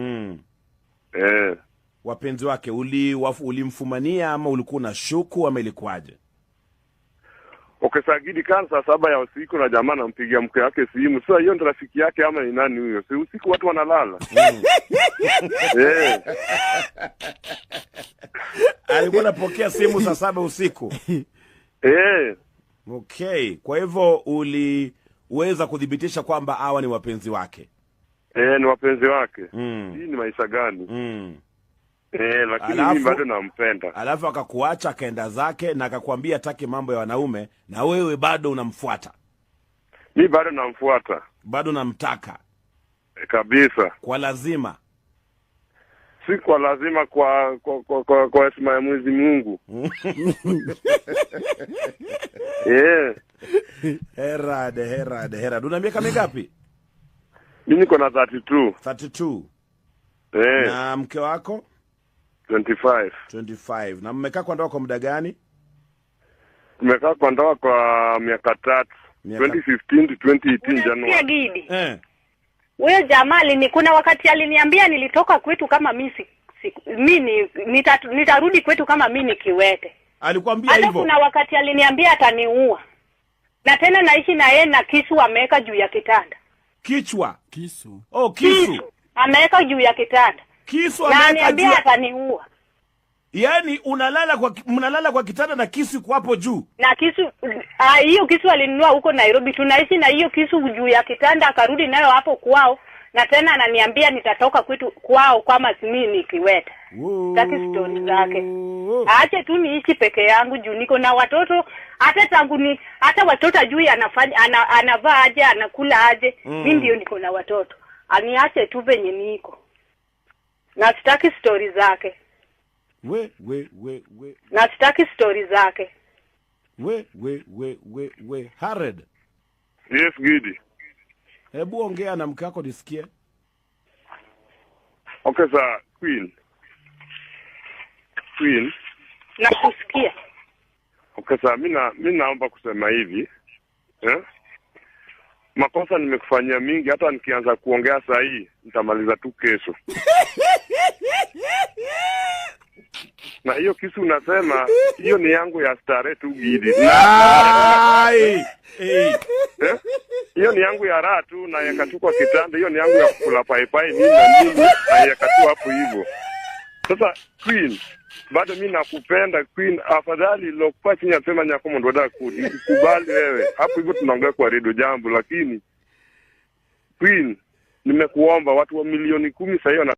mm. eh. wapenzi wake ulimfumania ama ulikuwa na shuku ama ilikuwaje? Okay, Sagidi saa saba ya usiku na jamaa nampigia mke wake simu. Sasa hiyo ndo rafiki yake ama ni nani huyo? Si usiku watu wanalala. Hmm. eh. Alikuwa anapokea simu saa saba usiku. eh. Okay, kwa hivyo uliweza kuthibitisha kwamba hawa ni wapenzi wake? e, ni wapenzi wake mm. hii ni maisha gani mm. E, lakini mimi bado nampenda. Alafu akakuacha akaenda zake na akakwambia hataki mambo ya wanaume, na wewe bado unamfuata? Mi bado namfuata, bado namtaka e, kabisa. Kwa lazima? Si kwa lazima, kwa kwa kwa, kwa, kwa heshima ya Mwenyezi Mungu e. Herad, Herad, Herad, una miaka mingapi? Mi niko na 32. 32. Eh. Na mke wako? 25. 25. Na mmekaa kwa ndoa kwa muda gani? Tumekaa kwa ndoa kwa miaka tatu. 2015 to 2018 Januari. Eh. Huyo Jamali ni kuna wakati aliniambia nilitoka kwetu kama mimi si, si, mimi nita, nitarudi kwetu kama mimi ni kiwete. Alikuambia hivyo. Kuna wakati aliniambia ataniua. Na tena naishi na yeye na kisu ameweka juu ya kitanda. Kichwa. Kisu. Oh, kisu. Kisu. Ameweka juu ya kitanda. Kisu ameweka juu. Ataniua. Yaani unalala kwa mnalala kwa kitanda na kisu kwa hapo juu. Na kisu ah, hiyo kisu alinunua huko Nairobi. Tunaishi na hiyo kisu juu ya kitanda akarudi nayo hapo kwao. Na tena ananiambia nitatoka kwetu kwao kwama mimi nikiweta. takistoni zake aache oh. tu niishi peke yangu juu niko na watoto hata tangu ni hata watoto ajui anafanya ana, anavaa aje anakula aje mm. mi ndio niko na watoto aniache tu venye niko na sitaki stori zake we, we, we, we. na sitaki stori zake we we we we we Hared. Yes, Gidi. Hebu ongea na mke wako nisikie. Okay, sir. Queen. Queen. Nakusikia. Okay, sawa. Mimi naomba kusema hivi eh? Makosa nimekufanyia mingi, hata nikianza kuongea saa hii nitamaliza tu kesho na hiyo kisu unasema hiyo ni yangu ya stare tu gidi eh? hiyo ni yangu ya raha tu, na yakatukwa kitanda. Hiyo ni yangu ya kukula paipai nini na nini, na yakatu hapo hivyo. Sasa Queen bado mi nakupenda Queen, afadhali lokupa chini asema pema nyako mondoda kudi kubali wewe hapo hivyo, tunaongea kwa redio jambo, lakini Queen, nimekuomba watu wa milioni kumi sahii